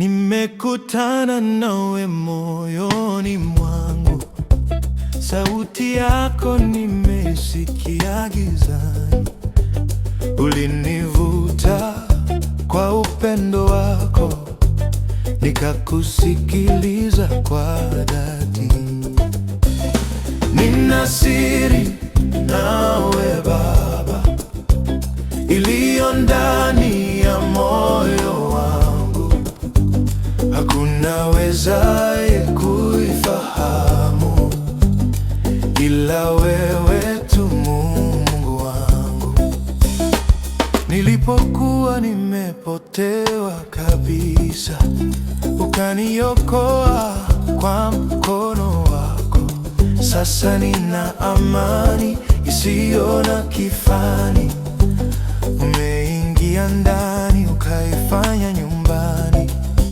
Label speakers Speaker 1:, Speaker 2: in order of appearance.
Speaker 1: Nimekutana nawe moyoni mwangu, sauti yako nimeisikia gizani. Ulinivuta kwa upendo wako, nikakusikiliza kwa dhati. Nina siri nawe Baba ili hakuna wezaye kuifahamu ila wewe tu, Mungu wangu. Nilipokuwa nimepotewa kabisa, ukaniokoa kwa mkono wako. Sasa nina amani isiyo na kifani, umeingia ndani ukaifanya